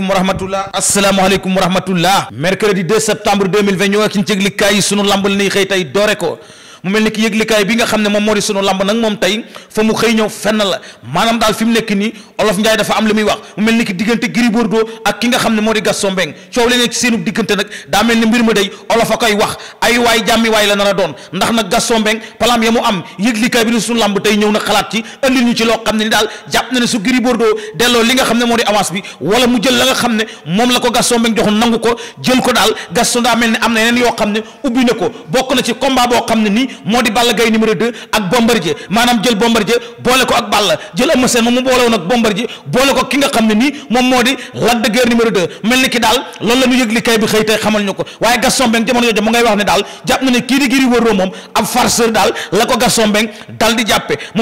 asalaamaaleykum wa rahmatullah asalaamaaleykum wa rahmatullah mercredi 2 septembre 2020 ñoo ak ci yëglikaay yi sunu lamb la ñuy xëy tey doore ko mu mel ni ki yëglikaay bi nga xam ne moom moo di sunu lamb nag moom tey fa mu xëy ñëw fenn la maanaam daal fi mu nekk nii olof njaay dafa am li muy wax mu mel ni ki diggante Gris Bordeaux ak ki nga xam ne moo di Gaston Mbengue coow li nekk ci seenu diggante nag ni mbir ma day wax ay waay jàmmi la nar a doon ndax nag Gaston Mbengue palaam ya mu am yëglikaay bi di sunu lamb tey ñëw na xalaat ci andil ñu ci loo xam ne daal jàpp na ne su Gris Bordeaux li nga xam ne moo di avance bi wala mu jël la nga xam ne moom la ko Gaston Mbengue joxoon nangu ko jël ko daal Gaston daa mel ni am na yeneen yoo xam ne ubbi na ko bokk na ci boo xam ne nii moo di Balla Gaye numéro 2 ak Bombardier maanaam jël Bombardier boole ko ak Balla jël Eumeu Sène moom mu boole woon ak Bombardier boole ko ki nga xam ne nii moom moo di Lac de Guiers numéro 2 mel ni ki daal loolu la ñu yëg li kay bi xëy tey xamal ñu na ne di Gris Bordeaux moom ko di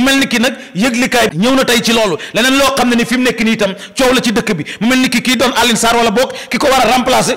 ni ki nag yëg li kay ñëw na tey ci loolu leneen loo xam ne ni fi mu nekk nii itam coow la ci a remplacer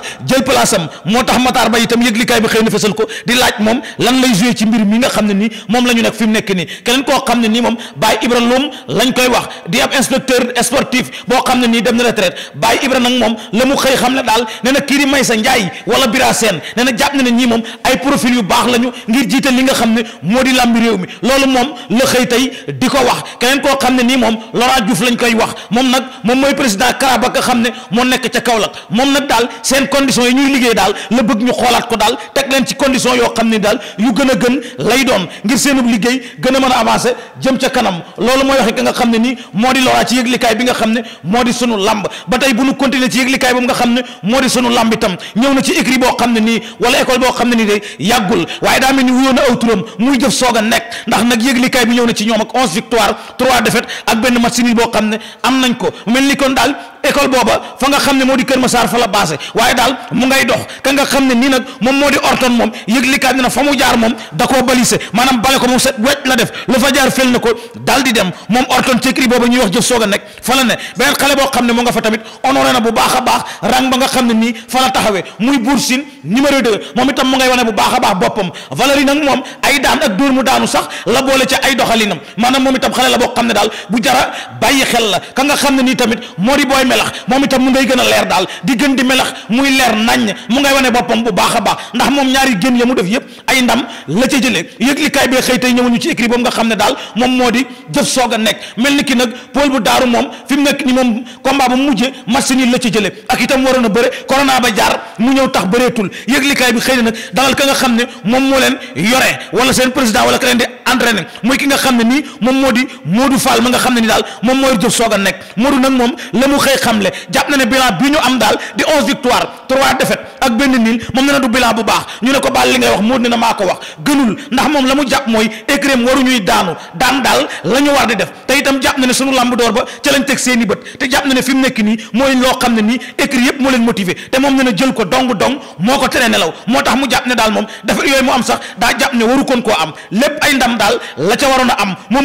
moo tax Matar Ba itam yëg li kay bi na fësal ko laaj moom lan lay joué ci mbir mbir mi nga xam ne nii moom lañu nekk fi mu nekk nii keneen koo xam ne nii moom Baye Ibra Loum lañ koy wax di ab inspecteur sportif boo xam ne nii dem na retraite Baye Ibra nag moom la mu xëy xam ne daal nee na kii di Maysa Ndiaye wala Bira Sène nee na jàpp na ne ñii moom ay profil yu baax lañu ngir jiital li nga xam ne moo di làmbi réew mi loolu moom la xëy tey di ko wax keneen koo xam ne nii moom Laurent Diouf lañ koy wax moom nag moom mooy président CRA ba nga xam ne moo nekk ca Kaolack moom nag daal seen conditions yi ñuy liggéey daal la bëgg ñu xoolaat ko daal teg leen ci conditions yoo xam ne daal yu gën a gën lay doon ngir seenub liggéey gën a mën a avancer jëm ca kanam loolu mooy waxe ka nga xam ne nii moo di lora ci yëglikaay bi nga xam ne moo di sunu lamb ba tey bu nu continuer ci yëglikaay boobu nga xam ne moo di sunu lamb itam ñëw na ci écrit boo xam ne nii wala école boo xam ne nii day yàggul waaye daa mel ni wuyoo na muy jëf soog nekk ndax nag yëglikaay bi ñëw na ci ñoom ak onze victoire trois défaites ak benn match nul boo xam ne am nañ ko moo di Kër Massar fa la baase waaye daal mu ngay dox ka nga xam ne di orton moom yëglikaay bi na fa ko balisé maanaam bale ko moom set wecc la def lu fa jaar fel na ko dal di dem moom orton ci écurie boobu ñuy wax jëf soog a nekk fa la ne a ba nga xam ne nii fa la taxawee muy Bour Sine numéro moom itam mu ngay wane a baax boppam Valérie ay daan ak dóor maanaam moom itam xale la boo xam ne daal bu jara bàyyi xel la ka nga xam ne nii tamit moo di booy melax moom itam mu ngay gën a leer daal di gën di melax muy leer naññ mu ngay wane boppam bu baax a baax ndax moom ñaari génn ya mu def yëpp ay ndam la ca séddale yëglikaay bee xëy tey ñëwuñu ci écrit boobu nga xam ne daal moom moo di jëf soog a nekk mel ni ki nag Paul bu daaru moom fi mu nekk ni moom combat ba mu mujje match nii la ci jële ak itam waroon a bëre corona ba jaar mu ñëw tax bëreetul yëglikaay bi xëy na nag dalal ka nga xam ne moom moo leen yore wala seen président wala ka leen di entraîné mooy ki nga xam ne nii moom moo di Modou Fall ma nga xam ne ni daal moom mooy jëf soog a nekk Modou nag moom la mu xëy xamle jàpp na ne bilan bi ñu am daal di onze victoire trois defet ak benn niil moom ne na du bilan bu baax ñu ne ko baal li ngay wax Modou ne na maa ko wax gënul ndax moom la mu jàpp mooy écrém waruñuy daanu daan daal la ñu war di def itam jàpp na ne sunu làmb door ba ca lañ teg seen i bët te jàpp na ne fi mu nekk nii mooy loo xam ne nii écrit yëpp moo leen motivé te moom ne na jël ko dong dong moo ko tere tax mu jàpp ne daal moom dafa yooyu mu am sax daa jàpp ne waru koon koo am lépp ay ndam daal la ca waroon a am moom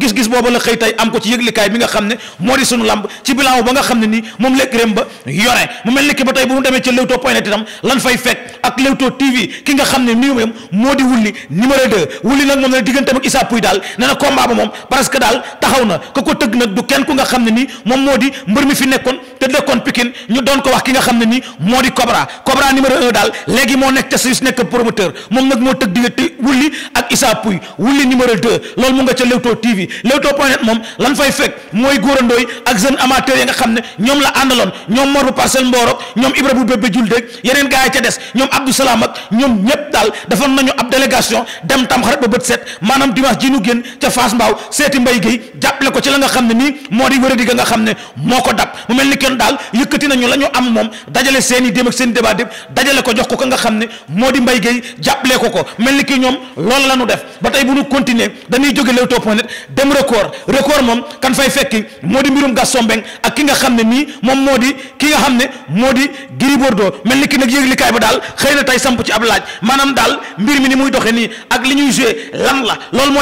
gis-gis booba la xëy tay am ko ci yëglikaay bi nga xam ne moo di sunu làmb ci bilan ba nga xam ne nii moom lekk rem ba yore mu mel ni ki ba tey bu ñu demee ca Leewtoo ki nga xam ne nii moom moo di wulli numéro 2 wulli nag moom ne digganteem ak Issa Pouye daal ne na combat ba moom parce que daal taxaw na ka ko tëgg nag du kenn ku nga xam ne ni moom moo di mbër mi fi nekkoon te dëkkoon Pikine ñu doon ko wax ki nga xam ne nii moo di Cobra Cobra numéro un daal léegi moo nekk te Suisse nekk promoteur moom nag moo tëgg diggante wulli ak Issa Pouye wulli numéro deux mu nga ca Leewtoo TV Leewtoo point moom lan fay fekk mooy góorandooy ak jeune amateur yi nga xam ne ñoom la àndaloon ñoom Mor bu Parcelles Mborok ñoom Ibra bu bébé jul dëgg yeneen gaa yi ca des ñoom Abdou Salam ak ñoom ñépp daal defoon nañu ab délégation dem tam xarit ba bët set maanaam dimanche ji ñu génn ca Fass Mbao seeti Mbaye Guèye jàppale ko ci la nga xam ne nii moo di wéradi ga nga xam ne moo ko dab ñoom daal yëkkati nañu la ñu am moom dajale seen i déem ak seen i débat déb dajale ko jox ko ka nga xam ne moo di Mbaye Guèye jàppale ko ko mel ni ki ñoom loolu la ñu def ba tey bu ñu continuer dañuy jóge Leewtoo point dem record record moom kan fay fekki moo di mbirum Gaston Mbengue ak ki nga xam ne nii moom moo di ki nga xam ne moo di Gris Bordeaux mel ni laaj la loolu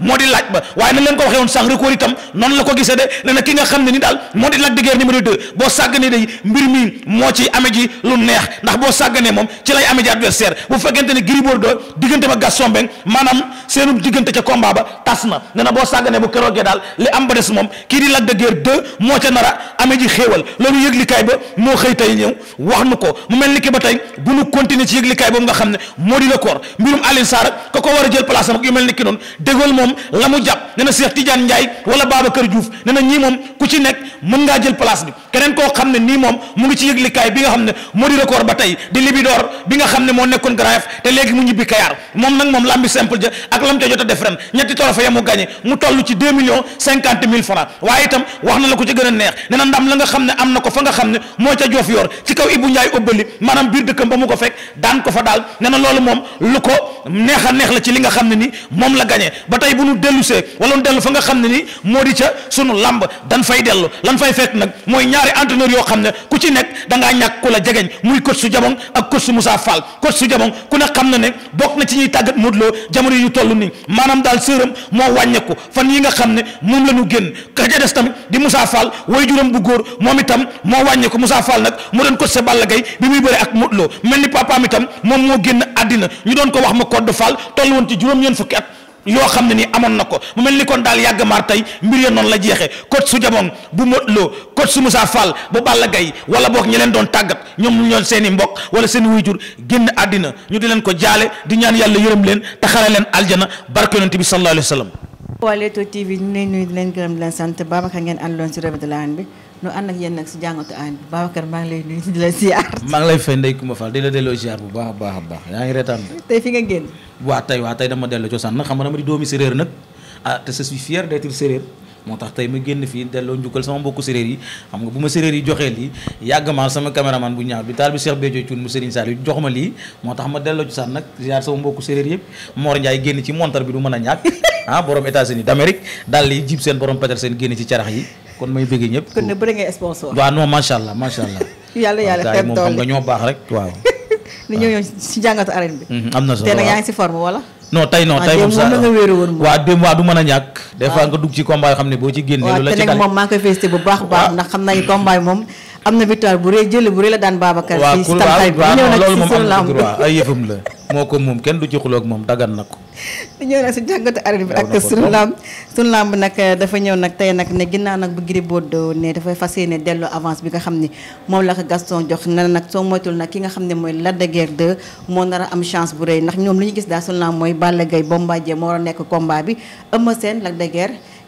mooy ba waaye nañ leen ko waxee woon record itam noonu la ko gisee de nee na ki nga xam ne ni daal moo di Lac de Guiers numéro 2 boo sàgganee day mbir mi moo ci ame ji lu neex ndax boo sàgganee moom ci lay ame ji adversaire bu fekkente ne Gris Bordeaux diggante ba Gaston Mbengue maanaam seenu diggante ca combat ba tas na ne na boo sàgganee bu keroogee daal li am ba des moom kii di Lac de Guiers 2 moo ca nara ame ji xéewal loolu yëglikaay ba moo xëy tey ñëw wax nu ko mu mel ni ki ba tey bu nu continuer ci yëglikaay boobu nga xam ne moo di record mbirum Alioune Sarr ka ko war a jël place am ak mel ni ki noonu dégal moom la mu jàpp ne na Cheikh Tidiane Ndiaye wala Babacar Diouf ne na ñii moom ku ci nekk mën ngaa jël place bi keneen koo xam ne nii moom mu ngi ci yëglikaay bi nga xam ne moo di record ba tey di libidoor bi nga xam ne moo nekkoon graaf te léegi mu ñibbi kayaar moom nag moom lambi simple ja ak lam ca jot a def ren ñetti trophée ya mu gagné mu toll ci deux millions cinquante mille francs waaye itam wax na la ko ci gën a neex ne na ndam la nga xam ne am na ko fa nga xam ne moo ca joof yor ci kaw Ibou Ndiaye óbbali maanaam biir dëkkam ba mu ko fekk daan ko fa daal na loolu moom lu ko neex la ci li nga xam ne ni moom la gagné ba tey bu nu dellusee wala nu dellu fa nga xam ne ni moo di ca sunu lamb dan fay dellu lan fay fekk nag mooy ñaari entraîneur yoo xam ne ku ci nekk dangaa ñàkk ku la jegeñ muy coach su jamono ak coach su Moussa Fall coach su jamon ku ne xam na ne bokk na ci ñuy tàggat Modou Lo jamono yu toll nii maanaam daal sëram moo wàññeeku fan yi nga xam ne moom la ñu génn ka ca des tamit di Moussa Fall way juróom bu góor moom itam moo wàññeeku musaa Fall nag mu doon coach sa Balla Gaye bi muy bëri ak Modou Lo mel ni papaam itam moom moo génn àddina ñu doon ko wax ma code de Fall toll woon ci juróom-ñeent fukki at. yoo xam ne ni amoon na ko mu mel ni kon daal yàgg maar tey mbir ya noonu la jeexee coach su jamoon bu Modou Lo coach su Moussa Fall bu Balla Gaye wala boog ñi leen doon tàggat ñoom ñoo seen i mbokk wala seen wuyjur génn àddina ñu di leen ko jaale di ñaan yàlla yërëm leen te xare leen aljana barke yonent bi sallallahu alayhi wa sallam waa Leewtoo TV ñu lay nuyu di leen gërëm leen sant Babacar ngeen àndoon si revue de l'arène bi nu ànd ak yéen nag si jàngatu aan bi maa ngi lay nuyu di lay fay Ndeye Coumba Fall di la bu baax a baax a baax yaa ngi reetaan de. tey fi nga génn. waa tey waa tey dama delloo cosaan nag xam nga dama di doomi séréer nag ah te je suis fier d'être moo tax tey ma génn fii delloo njukkal sama mbokku séréer yi xam nga bu ma séréer yi joxee lii yàgg maa sama caméraman bu ñaaw bi taal bi Cheikh Béthio Thioune mu Serigne Sall yi jox ma lii moo tax ma delloo cosaan nag ziar sama mbokku séréer yëpp Mor Ndiaye génn ci montar bi du mën a ñàkk ah borom États-Unis d'Amérique daal yi jib seen borom seen génn ci carax yi kon may bëgg ñëpp. kon nag bëri ngay sponsor. waaw non macha allah macha allah. yàlla yàlla xeeb doole nga ñoo baax rek waaw. ni ñëw ñëw si jàngatu arène bi. Mhm, am na solo te nag yaa ngi si ah, sax nga wéeru woon waaw démb a ñàkk des fois ah. nga dugg ci xam ne boo ci génne lu la ci dal moom maa ngi koy félicité bu baax baax ah. ndax xam nañu combat moom am na victoire bu rëy jël bu rëy la daan Babacar ci stade bi ñëw nag loolu moom am ay yëfam la moo ko moom kenn du ci xuloog moom dagan nag ko ñëw nag si jàngatu arène bi ak sunu làmb sunu làmb nag eh, dafa ñëw nag tey nag ne ginnaaw nag bu Gris Bordeaux ne dafay fas yéene delloo avance bi nga xam ne moom la ko Gaston jox na nag soo moytul nag ki nga xam ne mooy Lac de Guiers moo nar am chance bu rëy ndax ñoom li ñu gis daal sunu làmb mooy Balla Gaye Bombardier moo war a nekk combat bi Eumeu Sène Lac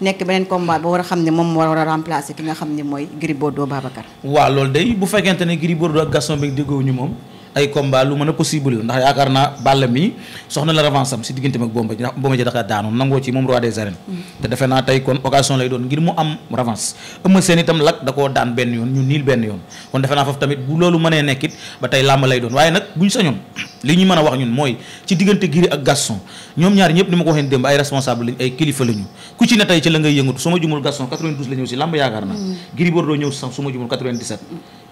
nekk beneen combat ba war a xam ne moom moo war a remplacer ki nga xam ne mooy Gris Bordeaux Babacar. waaw loolu bu fekkente ne Gris Bordeaux ak Gaston bi déggoo ñu moom. ay combat lu mën a possible la ndax yaakaar naa Balla mi soxna la revanche am si diggante mag bomba ndax bomba ji dafa daanoon nangoo ci moom roi des arènes te defe naa tey kon occasion lay doon ngir mu am revanche Eumeu Sène itam lak da koo daan benn yoon ñu niil benn yoon kon defe naa foofu tamit bu loolu mënee nekkit ba tey làmb lay doon waaye nag bu ñu sañoon li ñu mën a wax ñun mooy ci diggante Gris ak Gaston ñoom ñaar ñëpp ni ma ko waxee démb ay responsable lañ ay kilifa lañu ku ci ne tey ci la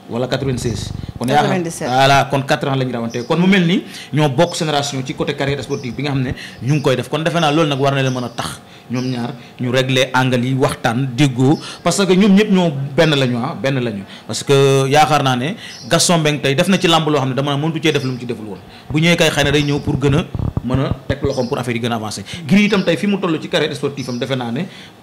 wala 96. kon yaa xam voilà kon 4 ans la ñu kon mu mel ni ñoo bokk génération ci côté carrière sportive bi nga xam ne ñu ngi koy def kon defe naa loolu nag war na leen mën a tax ñoom ñaar ñu régler parce que ñoom ñëpp ñoo benn la ñu ah benn la ñu parce que yaakaar naa ne Gaston Mbengue tey def na ci làmb loo xam ne dama ne mëntu cee def lu mu ci deful woon bu ñëwee kay xëy na day ñëw pour gën a mën loxoom pour affaire yi gën avancé. Gris itam tey fi mu toll ci carrière sportive am defe naa ne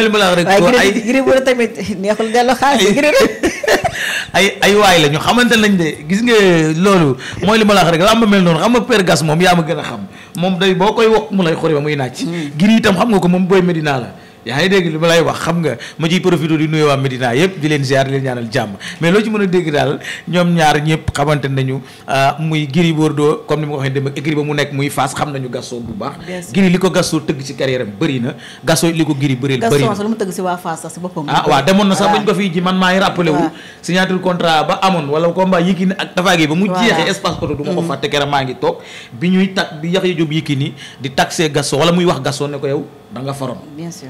mooy li ma la wax rek. waaye Gris Bordeaux tamit neexul delloo xaalis Gris ay ay waay la ñu xamante nañ de gis nga loolu mooy li ma la wax rek làmb mel noonu xam nga père gas moom yaa ma gën a xam moom day boo koy wax mu lay xori ba muy naaj. Hmm. Gris itam xam nga ko moom booy Medina la. yaa ngi dégg li ma lay wax xam nga ma ciy profité di nuyu waa Medina yëpp di leen ziar di leen ñaanal jàmm mais loo ci mën a dégg daal ñoom ñaar ñëpp xamante nañu euh, muy Gris Bordeaux comme ni ma waxee dem ak écurie ba mu nekk muy Fass xam nañu Gaston bu baax Gris li ko Gaston tëgg bëri na Gaston li ko Gris bëri na bëri na lu mu tëgg si waa Fass sax si boppam ah waaw demoon na sax bañ ko fii ji man maa ngi rappelé signature contrat ba amoon wala combat Yékini ak Tapha Guèye ba mu jeexee espace koto du ma ko mm-hmm. fàtte kera maa ngi toog bi ñuy tag bi yax ya jóob Yékini di see Gaston wala muy wax Gaston ne ko yow da nga faroon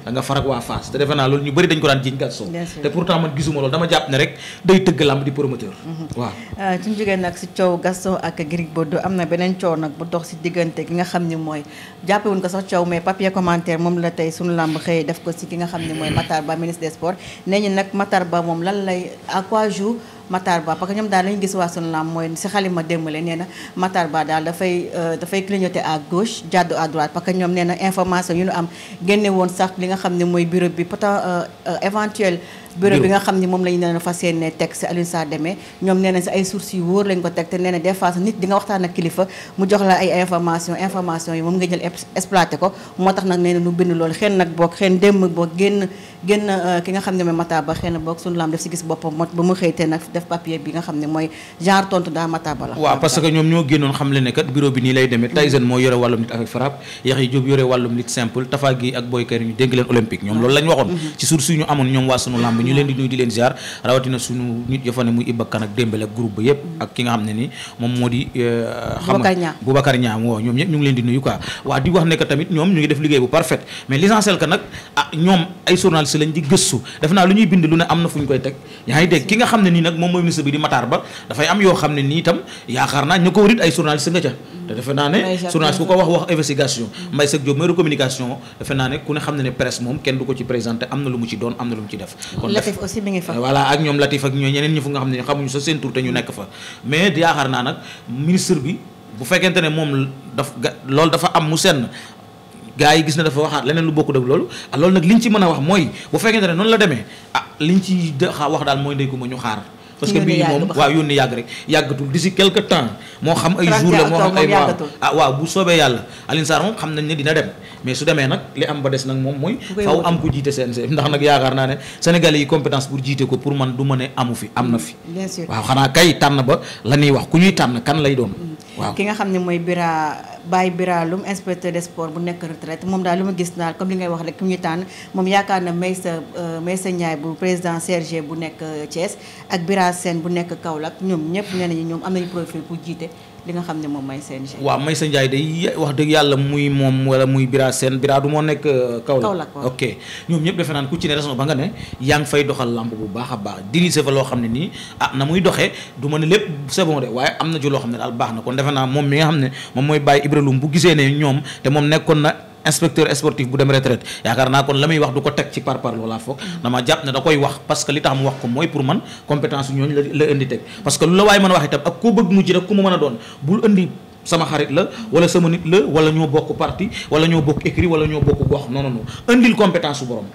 da nga farak waa Fass te defe naa loolu ñu bëri dañ ko daan jiñ Gaston te pourtant man gisuma loolu dama jàpp ne rek day tëgg lamb di promoteur mhm. waaw suñu euh, jógee nag si coow Gaston ak Gris Bordeaux am na beneen coow nag bu dox si diggante ki nga xam ni mooy jàppe wuñ ko sax coow mais papier commentaire moom la tey suñu lamb xëy def ko si ki nga xam ni mooy Matar Ba ministre des sports nee ñu nag Matar Ba moom lan lay à Matar Ba parce ñoom daal lañu gis waa sunu mooy si xalima démbale nee na Matar Ba daal dafay euh, dafay clignoter à gauche jàddu à droite parce que ñoom nee na information yu ñu am génne woon sax li nga xam ne mooy bureau bi peut-être euh, éventuel bureau bi nga xam ni moom la ñu nee na fas yéene teg si Alioune Sarr demee ñoom nee na si ay sources yu wóor lañ ko teg te nee na des fois nit di nga waxtaan ak kilifa mu jox la ay information information yi moom nga jël exploité ko moo tax nag nee na nu bind loolu xen nag boog xen démb boog génn génn euh, ki nga xam ne mooy Mataba xëy na boog suñu lam def si bi nga xam ne mooy genre tontu daa Mataba la xam ne kat bureau bi nii lay demee Tyson moo yore wàllum nit avec frappe Yaxya Diop yore wàllum nit simple Tafa Guèye ak Boy Kayré ñu dénk leen olympique ñoom loolu lañ mm-hmm. ne muy Iba Kane ak Dembélé ak mm-hmm. xam ne moom moo di euh, xam Boubacar Niang waaw ñoom ñëpp ñu leen di nuyu quoi waaw di wax ne tamit ñoom ñu ngi def liggéey bu parfait mais si lañ di gëstu def lu ñuy bind lu ne am na fu ñu koy teg yaa dégg ki nga xam ne nii nag moom mooy ministre bi di Matar Ba dafay am yoo xam ne nii itam yaakaar naa mm. ne ku ne xam ne ne kenn du ko ci présenté am na lu mu ci doon am na lu mu ci def kon Latif aussi ak ñoom Latif ak ñoo ñeneen nga xam ne xamuñu sa seen tur te ñu nekk fa mais yaakaar naa nag ministre bi bu fekkente ne moom daf loolu dafa am mu senn gars yi gis na dafa waxaat leneen lu bokkul ak loolu ah, loolu nag liñ ci mën a wax mooy bu fekkente ne noonu la demee ah liñ ci wax daal mooy ndey ko que bii moom waaw yónni yàgg rek yàggatul d'ici quelque temps moo xam ay jour la moo ah, mais su demee nag li am ba des nag moom mooy faw am ku jiite CNG ndax nag yaakaar naa ne Sénégalais yi compétence pour jiite ko pour man du ma ne amu fi fi mm, xanaa kay tànn ba la ñuy wax ku ñuy tànn kan lay doon mm. Baye Biraloum inspecteur des sports bu nekk retraite moom daal li ma gis naa comme li ngay wax rek ki ñu tànn moom yaakaar na Maysa Maysa ñaay bu président CRG bu nekk euh, Thiès ak Bira Sène bu nekk Kaolack ñoom ñëpp nee nañu ñoom am nañu profil pour jiite li nga xam ne moom may seen waaw may sa Ndiaye day wax dëgg yàlla muy moom wala muy Bira Sène Bira du moo nekk euh, Kaolack ok ñoom ñëpp defe naan ku ci ne raison ba nga ne yaa ngi fay doxal lamb bu baax a baax dirigé fa loo xam ne nii ah na muy doxe du ma ne lépp c'est bon de waaye am na ci loo xam ne daal baax na kon defe naa moom mi nga xam ne moom mooy bàyyi Ibrahima bu gisee ne ñoom te moom nekkoon na inspecteur sportif bu dem retraite yaakaar naa kon la muy wax du ko teg ci par par loola foog dama jàpp ne da koy wax parce que li tax mu wax ko mooy pour man compétence ñooñu la la indi teg parce que lu la waaye mën a wax itam ak koo bëgg mu rek ku mu mën a doon bul indi sama xarit la wala sama nit la wala ñoo bokk parti wala ñoo bokk écrit wala ñoo bokk gox non non non indil compétence su borom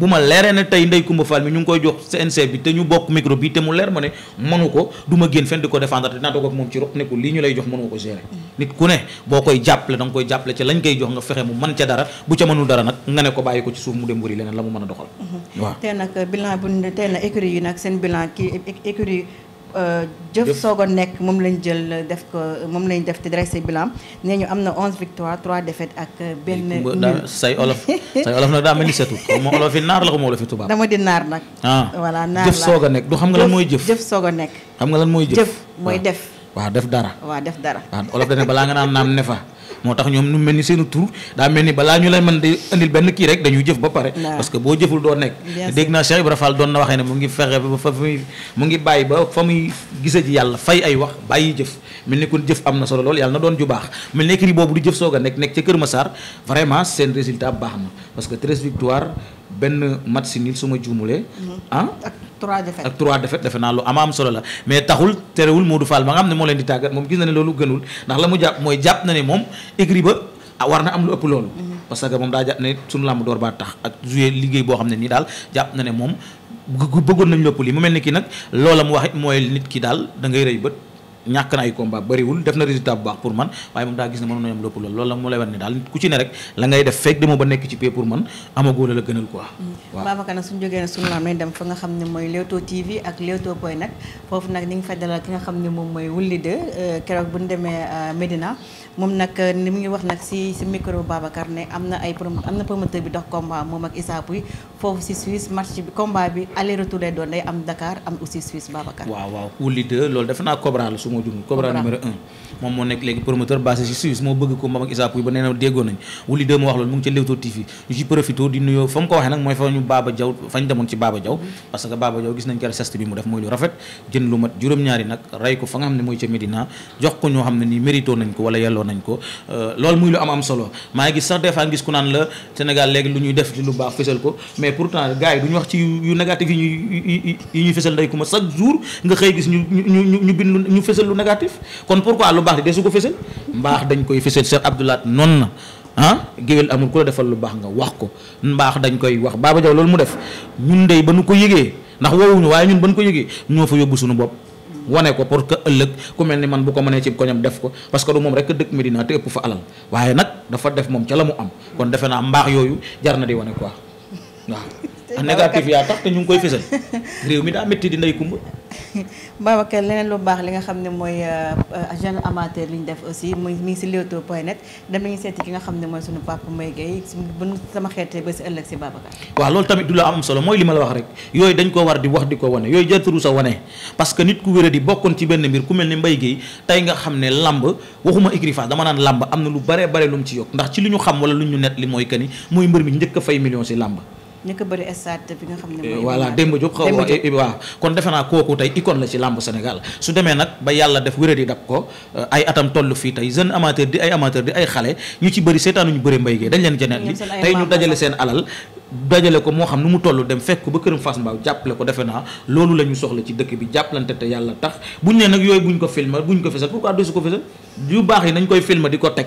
bu ma leeree ne tey Ndeye Coumba Fall mi ñu ngi koy jox CNC bi te ñu bokk micro bi te mu leer ma ne mënu ko du génn fenn di ko défendre te dinaa ak moom ci roq ne ko ñu lay jox mënu ko gérer nit ku ne boo koy jàppale da koy jàppale ci lañ koy jox nga fexe mu mën ca dara bu ca mënul dara nag nga ne ko bàyyi ko ci suuf mu dem wëri leneen la mu mën a doxal mhm. waaw nag bilan bu tey nag écurie yi nag seen bilan kii écurie Euh, jëf soog a nekk moom lañ jël def ko moom lañ def te dressé bilan nee ñu am na onze victoires trois défaites ak benn. say olof say olof nag daa mel ni setul xaw ma olofi naar la xaw ma olofi tubaab. dama di naar nag. Ah. voilà naar la jëf soog a nekk du xam nga lan mooy jëf. jëf soog a nekk. xam nga lan mooy jëf. mooy def. waa def dara. waa def dara. waaw olof dana balaa nga naan naam ne fa. moo tax ñoom nu mel ni seen tur daa mel ni balaa ñu lay mën di andil benn kii rek dañuy jëf ba pare parce que boo jëful doo nekk dégg naa Cheikh Ibra Fall doon na waxee ne mu ngi fexe ba fa muy mu ngi ji yàlla fay ay wax bàyyi jëf mel ni kon jëf am na solo lool yàlla na doon ju baax mel ni kii boobu du jëf soog a nekk nekk ca Kër ma Massar vraiment seen résultat baax na parce que 13 victoires benn match si nil su ma juumulee. Mm-hmm. ah ak trois défaites ak trois défaites defe naa lu ama am solo la mais taxul terewul Modou Fall ma nga xam ne moo leen di tàggat moom gis na ne loolu gënul ndax la mu jàpp mooy jàpp na ne moom écrit ba ah, war na am lu ëpp loolu. Mm-hmm. parce que moom daa jàpp ne suñu làmb door baa tax ak joué liggéey boo xam ne nii daal jàpp na ne moom bëggoon nañ lépp lii mu mel ni kii nag loola mu wax it mooy nit ki daal dangay ngay rëy bët. ñàkk na ay combat bariwul def na résultat bu baax pour man waaye moom daa gis ne mënoon na yem lépp loolu loolu la mu mm. dem fa nga xam ne mooy Leewtoo TV ak Leewtoo point nag ni nga fa ki nga xam ne moom mooy Wouly 2 euh, keroog bu ñu demee euh, Medina moom nag euh, ni mu ngi wax nag si si micro Babacar ne am na ay prom am na promoteur bi dox combat moom ak Issa Pouye foofu si Suisse match bi combat bi aller retour lay doon day am Dakar am aussi Suisse Babacar. waaw waaw Wouly 2 loolu def naa Cobra la moo jumul Cobra moo nekk léegi promoteur basé si Suisse moo bëgg ko mbam ak ba nee déggoo nañ wuli deux ma wax loolu mu ngi ca Leewtoo TV ñu ci profité di nuyoo fa mu ko waxee nag mooy fa ñu Baba Diaw fañ demoon ci Baba Diaw parce que Baba Diaw gis nañ kar sest bi mu def mooy lu rafet jën lu mat juróom-ñaari nag rey ko fa nga xam ne mooy ca Médina jox ko ñoo xam ne nii mérito nañ ko wala yelloo nañ ko euh, loolu muy lu am am solo maa gis sax fësal lu négatif kon pourquoi lu baax di desu ko fësal mbaax dañ koy fësal Cheikh Abdoulaat noon na ah géwél amul ku la defal lu baax nga wax ko mbaax dañ koy wax Baba Diaw loolu mu def ñun dey ba nu ko yëgee ndax woowuñu waaye ñun ba nu ko yëgee ñoo fa yóbbu suñu bopp wane ko pour que ëllëg ku mel ni man bu ko mënee ci koñam def ko parce que du moom rek dëkk Medina te ëpp fa alal waaye nag dafa def moom ca la mu am kon defe naa mbaax yooyu jar na di wane quoi waaw négatif yaa tax te ñu ngi koy fësal réew mi daa métti di ndey kumba leneen lu baax li nga xam ne mooy euh, euh, jeune amateur li ñu def aussi mi ngi si Leewtoo point net dem nañu seeti ki nga xam ne mooy sunu papa Mbaye Guèye bu xeetee ba si ëllëg si loolu tamit du la am mooy li ma la wax rek yooyu dañ ko war di wax di ko wane yooyu jarturu sa wane parce que nit ku wéra di bokkoon ci benn mbir ku mel ne mbay Guèye tey nga xam ne lamb waxuma écrifage dama naan lamb am na lu bare bare lu mu ci yokk ndax ci li ñu xam wala lu ñu net li mooy que ni mooy mbër mi njëkk a fay million si lamb ña ko bëri stade bi nga xam ne. Eh, voilà Demba Diop xaw waaw eh, kon defe naa kooku tey icône la ci làmb Sénégal su demee nag ba yàlla def wéré di dab ko eh, ay atam toll fii tey jeune amateur di ay amateur di ay xale ñu ci bari seetaanu ñu bëri mbéy gi dañ leen jeneen li tey ñu dajale seen alal dajale ko moo xam nu mu tollu dem fekk ko ba këram fas Mbao jàppale ko defe naa loolu la ñu soxla ci dëkk bi jàppalante te yàlla tax buñ ne nag yooyu buñ ko filmer buñ ko fesal pourquoi du ko fesal baax yi nañ koy filmer di ko teg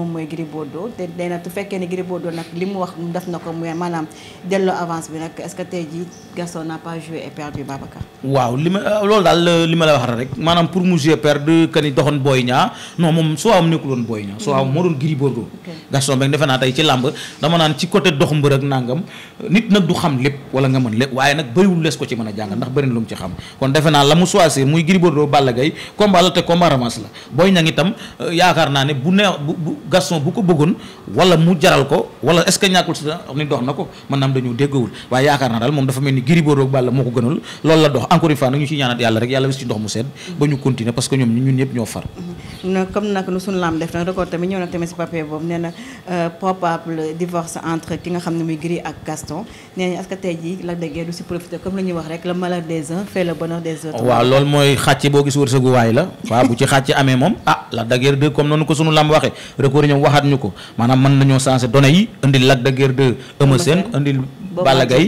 moom mooy Gris te day nag fekkee ne Gris nag li mu wax def na ko muy maanaam delloo avance bi nag est-ce que tey jii Gaston n'a pas joué et perdu Babacar. waaw li ma euh, loolu daal euh, li ma la wax rek maanaam pour mu jouer perdu que ni doxoon Boy Niang non moom soo am nekkul Boy Niang soo am mm-hmm. moo doon Gris Bordeaux. Gaston beeg defe naa tey ci làmb dama naan ci côté dox mbër ak nangam nit nag du xam lépp wala nga mën lépp waaye nag bëriwul lees a la mu choisir muy Gris Bordeaux Balla Gaye combat la te combat revanche la Boy Niang itam euh, Gaston bu ko bëggoon wala mu jaral ko wala est ñàkkul si ni dox na ko maanaam dañu déggowul waaye yaakaar naa daal moom dafa mel ni Gris Bordeaux ak Balla moo ko gënal loolu la dox encore une fois nag ñu ci ñaanat yàlla rek yàlla wis ci ndox mu sedd ba ñu continuer parce que ñoom ñun ñëpp ñoo far mm-hmm. na si papier boobu nee na euh, probable divorce entre ki nga xam ne muy Gris ak Gaston nee nañu est ce du si profiter comme la wax rek le malheur des uns fait la waaw bu ci xàcce amee ah, encore ñoom waxaat ñu ko maanaam mën nañoo sensé données yi indi Lac de Guiers 2 Eumeu Sène indi Balla Gaye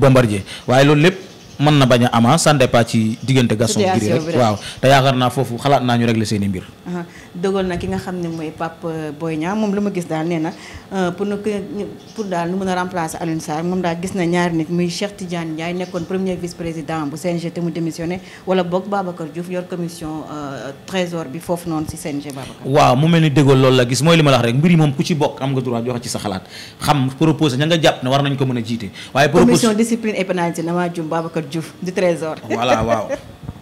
Bombardier waaye loolu lépp mën na bañ a ama ça dépend ci diggante Gaston Giri rek waaw te yaakaar naa foofu xalaat naa ñu régler seen mbir dëggoon na ki nga xam ne mooy Pape euh, Boy Niang moom lu ma gis daal nee euh, a remplacer Alioune Sarr moom daal gis na ñaari nit muy Cheikh Tidiane Ndiaye nekkoon premier vice président bu euh, bi foofu noonu si CNG Babacar waaw mu mel ni déggoon loolu la gis mooy li ma la wax rek mbir yi moom ku ci bokk am nga droit joxe ci sa xalaat xam proposé ña nga jàpp ne war nañ ko mën a jiite waaye commission discipline et pénalité na waa jum Babacar Diouf du trésor voilà waaw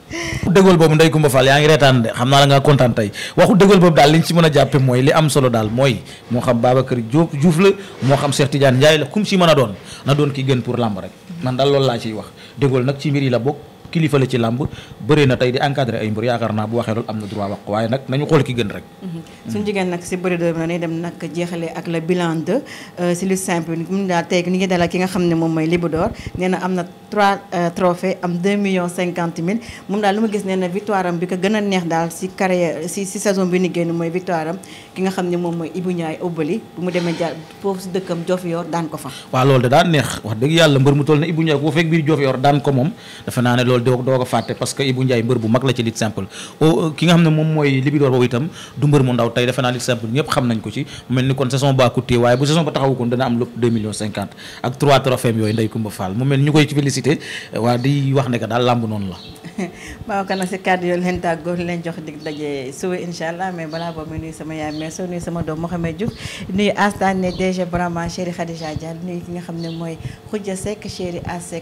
dëggal boobu Ndeye Coumba Fall yaa ngi reetaan de xam naa la nga kontaan tey waxu dëggal boobu daal li ñu ci mën a jàppe mooy li am solo daal mooy moo xam Babacar Diop Diouf la moo xam Cheikh Tidiane Ndiaye la kum si mën a doon na doon ki gën pour làmb rek man daal loolu laa ciy wax dëggal nag ci mbir yi la bokk kilifa la ci làmb bëri na tey di encadré ay mbir yaakaar naa bu waxee loolu am na droit wax ko waaye nag nañu xool ki gën rek. Mhm. suñu jigéen nag si bëri doon na nag jeexalee euh, daal ki nga xam ne moom mooy Libidor nee am na 3 euh, trophées am 2 millions 50 mille moom daal lu ma gis nee na bi ko gën a neex daal si carrière si saison bi ni génn mooy victoire ki nga xam ne moom mooy Ibou Ndiaye Obali bu mu demee jaar foofu si dëkkam Diofior loolu doo doo ko fàtte parce que Ibou Ndiaye mbër bu mag la ci lutte simple euh, ki nga xam ne mooy Libidor boobu itam du mbër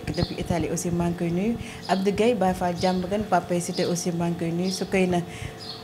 depuis Italie aussi maa ngi koy nuyu Abdou Guèye Baye Fall jàmm gën Pape Cité aussi maa ngi koy nuyu na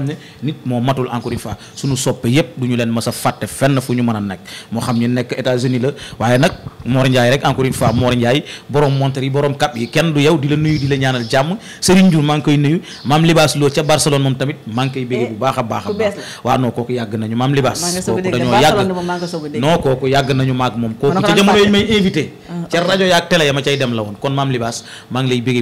xam ne nit moo matul encore une fois suñu soppe yépp du ñu leen mës a fàtte fenn fu ñu mën a nekk moo xam nekk États-Unis la waaye nag Mor Ndiaye rek encore une fois Mor Ndiaye borom montar yi kenn du yow di la nuyu di la ñaanal jàmm Serigne Diouf maa ngi nuyu maam Libaas Lo ca Barcelone tamit maa ngi koy bu baax a baax a baax waaw non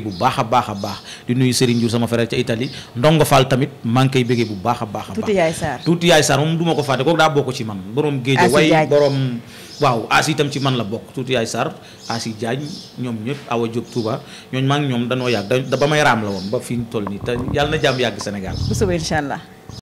a a di nuyu Serigne Diouf sama frère ca Italie Ndongo tamit maa koy bu baax a baax a baax tuuti yaay Sarr moom du ma ko fàtte kooku daa bokk ci man borom géej way borom waaw aas itam ci man la bokk tuuti yaay Sarr aasi Diagne ñoom ñëpp Awa Diop Touba ñooñ maa ngi ñoom danoo yàgg da ba may raam la woon ba fi ñu toll nii te yàlla na jàmm yàgg Sénégal